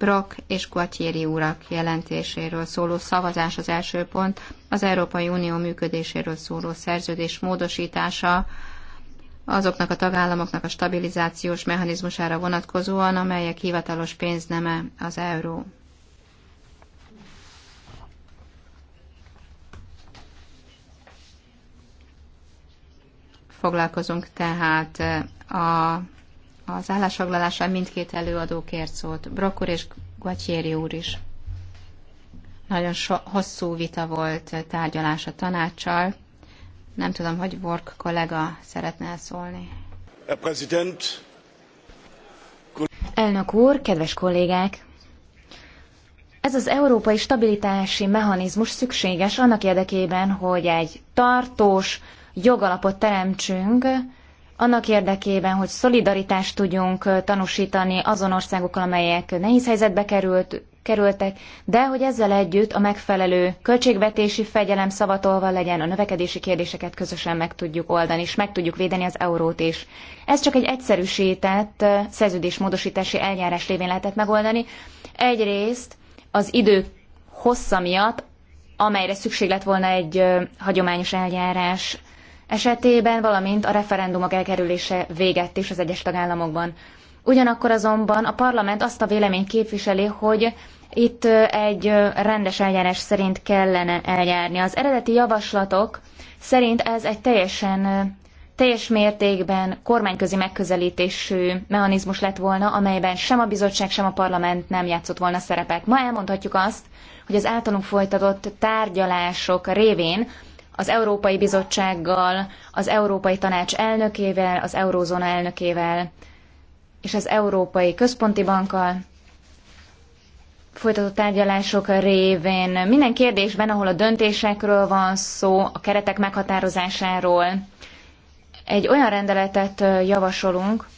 Brock és Guattieri urak jelentéséről szóló szavazás az első pont, az Európai Unió működéséről szóló szerződés módosítása azoknak a tagállamoknak a stabilizációs mechanizmusára vonatkozóan, amelyek hivatalos pénzneme az euró. Foglalkozunk tehát a az állásfoglalással mindkét előadó kért szólt, Brokkor és Guatieri úr is. Nagyon so- hosszú vita volt tárgyalás a tanácssal. Nem tudom, hogy Vork kollega szeretne szólni. Elnök úr, kedves kollégák! Ez az európai stabilitási mechanizmus szükséges annak érdekében, hogy egy tartós jogalapot teremtsünk annak érdekében, hogy szolidaritást tudjunk tanúsítani azon országokkal, amelyek nehéz helyzetbe került, kerültek, de hogy ezzel együtt a megfelelő költségvetési fegyelem szavatolva legyen, a növekedési kérdéseket közösen meg tudjuk oldani, és meg tudjuk védeni az eurót is. Ez csak egy egyszerűsített szerződésmódosítási eljárás révén lehetett megoldani. Egyrészt az idő hossza miatt, amelyre szükség lett volna egy hagyományos eljárás esetében, valamint a referendumok elkerülése véget is az egyes tagállamokban. Ugyanakkor azonban a parlament azt a véleményt képviseli, hogy itt egy rendes eljárás szerint kellene eljárni. Az eredeti javaslatok szerint ez egy teljesen teljes mértékben kormányközi megközelítésű mechanizmus lett volna, amelyben sem a bizottság, sem a parlament nem játszott volna szerepet. Ma elmondhatjuk azt, hogy az általunk folytatott tárgyalások révén az Európai Bizottsággal, az Európai Tanács elnökével, az Eurózóna elnökével és az Európai Központi Bankkal folytatott tárgyalások révén minden kérdésben, ahol a döntésekről van szó, a keretek meghatározásáról, egy olyan rendeletet javasolunk,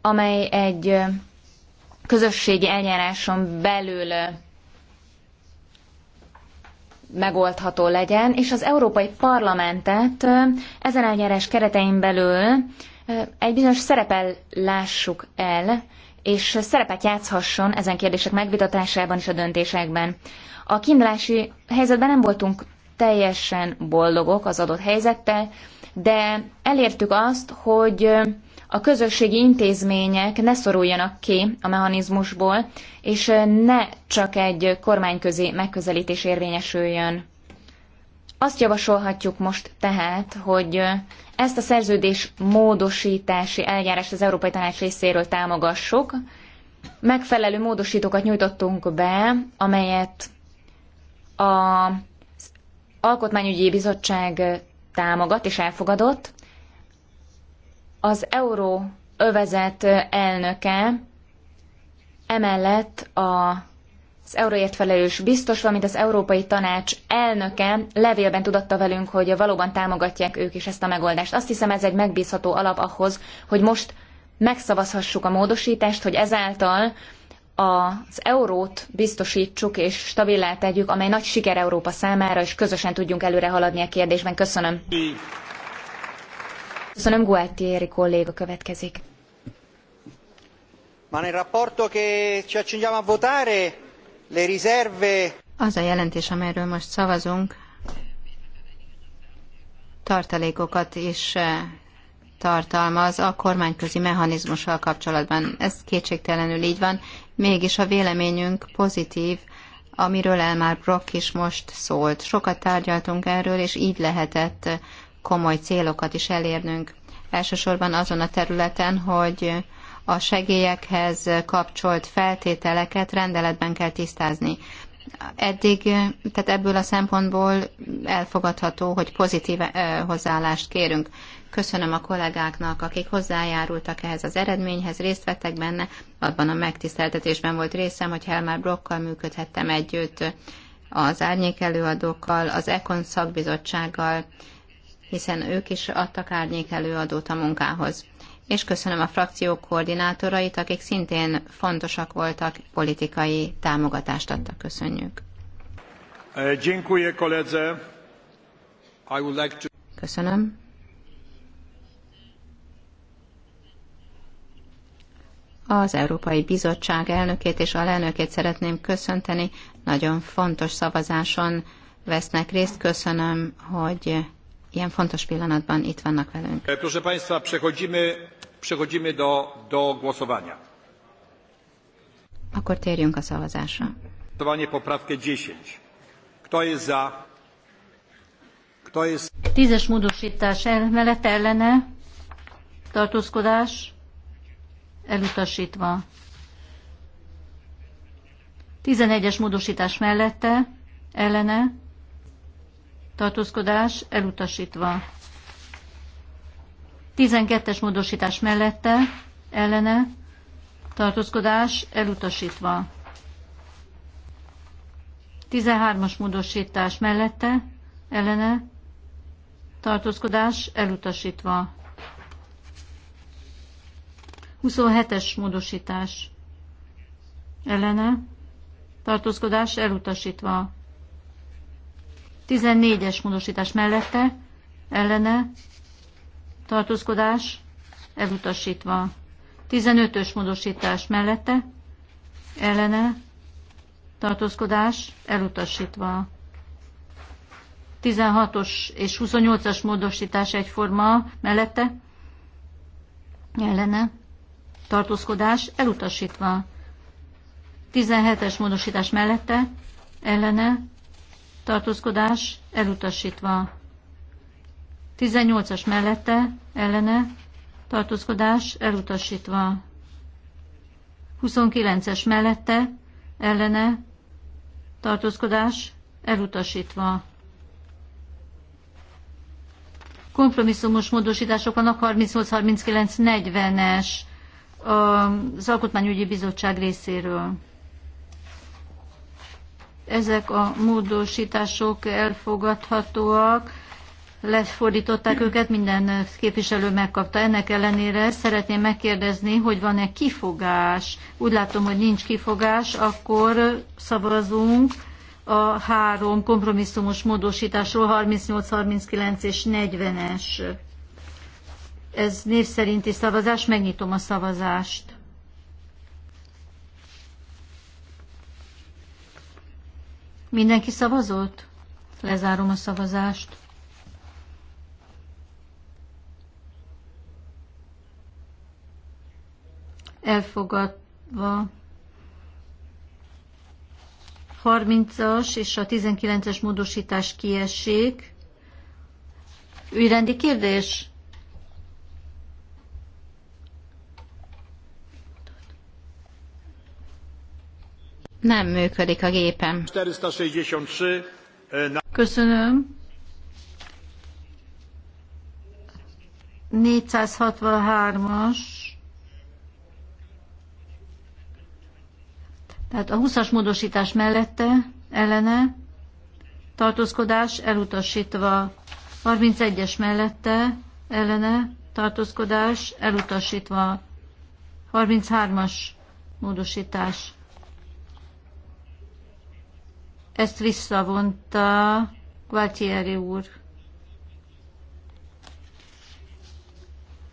amely egy közösségi eljáráson belül megoldható legyen, és az Európai Parlamentet ezen eljárás keretein belül egy bizonyos szerepel lássuk el, és szerepet játszhasson ezen kérdések megvitatásában és a döntésekben. A kiindulási helyzetben nem voltunk teljesen boldogok az adott helyzettel, de elértük azt, hogy a közösségi intézmények ne szoruljanak ki a mechanizmusból, és ne csak egy kormányközi megközelítés érvényesüljön. Azt javasolhatjuk most tehát, hogy ezt a szerződés módosítási eljárást az Európai Tanács részéről támogassuk. Megfelelő módosítókat nyújtottunk be, amelyet a Alkotmányügyi Bizottság támogat és elfogadott, az euró övezet elnöke emellett a az euróért felelős biztos, valamint az Európai Tanács elnöke levélben tudatta velünk, hogy valóban támogatják ők is ezt a megoldást. Azt hiszem ez egy megbízható alap ahhoz, hogy most megszavazhassuk a módosítást, hogy ezáltal az eurót biztosítsuk és stabilá tegyük, amely nagy siker Európa számára, és közösen tudjunk előre haladni a kérdésben. Köszönöm. Köszönöm, Gualtieri kolléga következik. Ma nel rapporto che ci accingiamo a votare, le riserve... Az a jelentés, amelyről most szavazunk, tartalékokat is eh, tartalmaz a kormányközi mechanizmussal kapcsolatban. Ez kétségtelenül így van, mégis a véleményünk pozitív, amiről el már Brock is most szólt. Sokat tárgyaltunk erről, és így lehetett komoly célokat is elérnünk. Elsősorban azon a területen, hogy a segélyekhez kapcsolt feltételeket rendeletben kell tisztázni. Eddig, tehát ebből a szempontból elfogadható, hogy pozitív eh, hozzáállást kérünk. Köszönöm a kollégáknak, akik hozzájárultak ehhez az eredményhez, részt vettek benne, abban a megtiszteltetésben volt részem, hogy Helmár Brokkal működhettem együtt, az árnyék előadókkal, az Econ szakbizottsággal, hiszen ők is adtak árnyék előadót a munkához. És köszönöm a frakciók koordinátorait, akik szintén fontosak voltak, politikai támogatást adtak. Köszönjük. Eh, köszönöm. Az Európai Bizottság elnökét és a lelnökét szeretném köszönteni. Nagyon fontos szavazáson vesznek részt. Köszönöm, hogy ilyen fontos pillanatban itt vannak velünk. E, proszę Państwa, przechodzimy, przechodzimy do, do głosowania. Akkor térjünk a szavazásra. Głosowanie poprawkę 10. Kto jest za? Kto jest... Tízes módosítás mellett ellene tartózkodás elutasítva. Tizenegyes módosítás mellette ellene tartózkodás elutasítva. 12-es módosítás mellette, ellene, tartózkodás elutasítva. 13-as módosítás mellette, ellene, tartózkodás elutasítva. 27-es módosítás ellene, tartózkodás elutasítva. 14-es módosítás mellette, ellene, tartózkodás, elutasítva. 15-ös módosítás mellette, ellene, tartózkodás, elutasítva. 16-os és 28-as módosítás egyforma mellette, ellene, tartózkodás, elutasítva. 17-es módosítás mellette, ellene, tartózkodás elutasítva. 18-as mellette ellene tartózkodás elutasítva. 29-es mellette ellene tartózkodás elutasítva. Kompromisszumos módosítások vannak 38-39-40-es az Alkotmányügyi Bizottság részéről ezek a módosítások elfogadhatóak, lefordították őket, minden képviselő megkapta. Ennek ellenére szeretném megkérdezni, hogy van-e kifogás. Úgy látom, hogy nincs kifogás, akkor szavazunk a három kompromisszumos módosításról, 38, 39 és 40-es. Ez név szerinti szavazás, megnyitom a szavazást. Mindenki szavazott? Lezárom a szavazást. Elfogadva 30-as és a 19-es módosítás kiesik. Ügyrendi kérdés? Nem működik a gépem. E, Köszönöm. 463-as. Tehát a 20-as módosítás mellette, ellene, tartózkodás elutasítva. 31-es mellette, ellene, tartózkodás elutasítva. 33-as módosítás ezt visszavonta Gualtieri úr.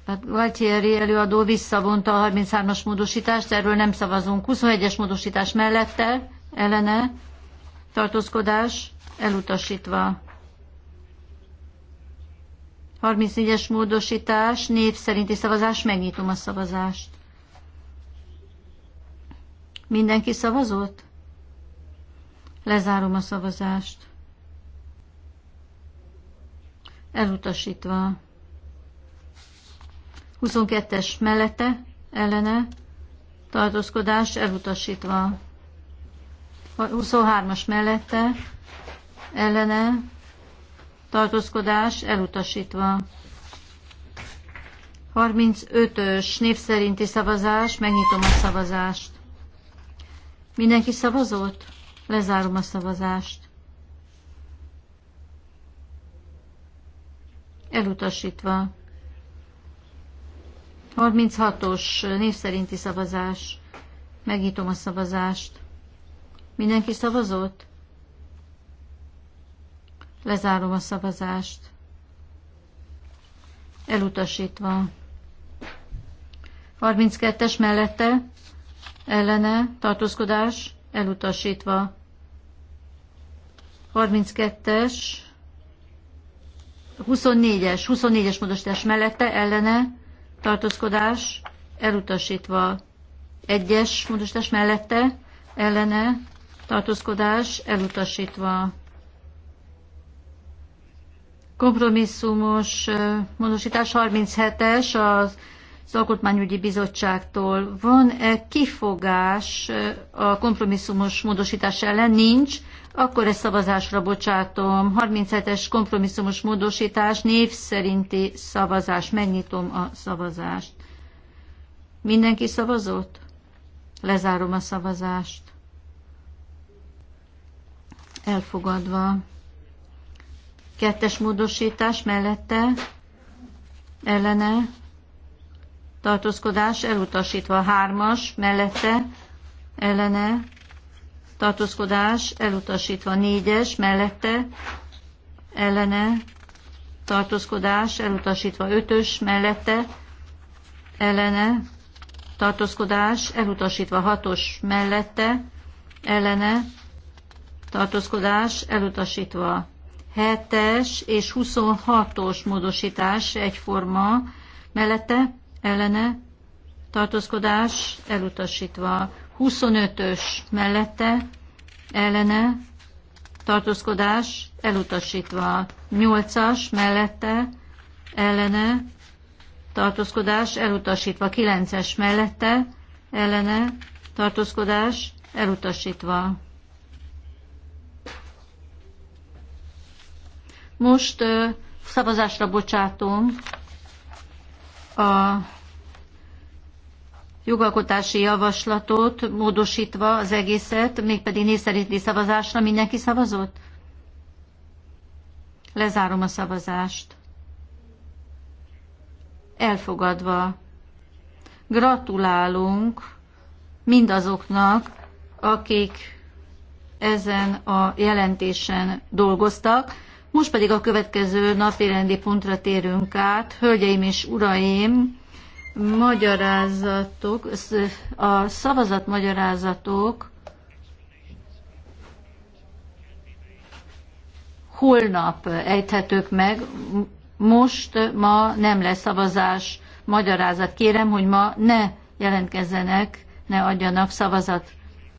Hát Gualtieri előadó visszavonta a 33-as módosítást, erről nem szavazunk. 21-es módosítás mellette, ellene, tartózkodás, elutasítva. 34-es módosítás, név szerinti szavazás, megnyitom a szavazást. Mindenki szavazott? Lezárom a szavazást. Elutasítva. 22-es mellette, ellene, tartózkodás elutasítva. 23-as mellette, ellene, tartózkodás elutasítva. 35-ös név szerinti szavazás, megnyitom a szavazást. Mindenki szavazott? Lezárom a szavazást. Elutasítva. 36-os név szerinti szavazás. Megnyitom a szavazást. Mindenki szavazott? Lezárom a szavazást. Elutasítva. 32-es mellette ellene tartózkodás elutasítva. 32-es, 24-es, 24-es módosítás mellette ellene tartózkodás elutasítva. 1-es módosítás mellette ellene tartózkodás elutasítva. Kompromisszumos módosítás 37-es az az Alkotmányügyi Bizottságtól. Van-e kifogás a kompromisszumos módosítás ellen? Nincs. Akkor ezt szavazásra bocsátom. 37-es kompromisszumos módosítás, név szerinti szavazás. Megnyitom a szavazást. Mindenki szavazott? Lezárom a szavazást. Elfogadva. Kettes módosítás mellette, ellene, tartózkodás elutasítva. Hármas mellette ellene tartózkodás elutasítva. Négyes mellette ellene tartózkodás elutasítva. Ötös mellette ellene tartózkodás elutasítva. Hatos mellette ellene tartózkodás elutasítva. hetes és 26-os módosítás egyforma mellette ellene tartózkodás elutasítva. 25-ös mellette ellene tartózkodás elutasítva. 8-as mellette ellene tartózkodás elutasítva. 9-es mellette ellene tartózkodás elutasítva. Most szavazásra bocsátom a jogalkotási javaslatot, módosítva az egészet, mégpedig név szerinti szavazásra mindenki szavazott? Lezárom a szavazást. Elfogadva. Gratulálunk mindazoknak, akik ezen a jelentésen dolgoztak. Most pedig a következő napi rendi pontra térünk át. Hölgyeim és uraim, magyarázatok, a szavazat magyarázatok holnap ejthetők meg, most ma nem lesz szavazás magyarázat. Kérem, hogy ma ne jelentkezzenek, ne adjanak szavazat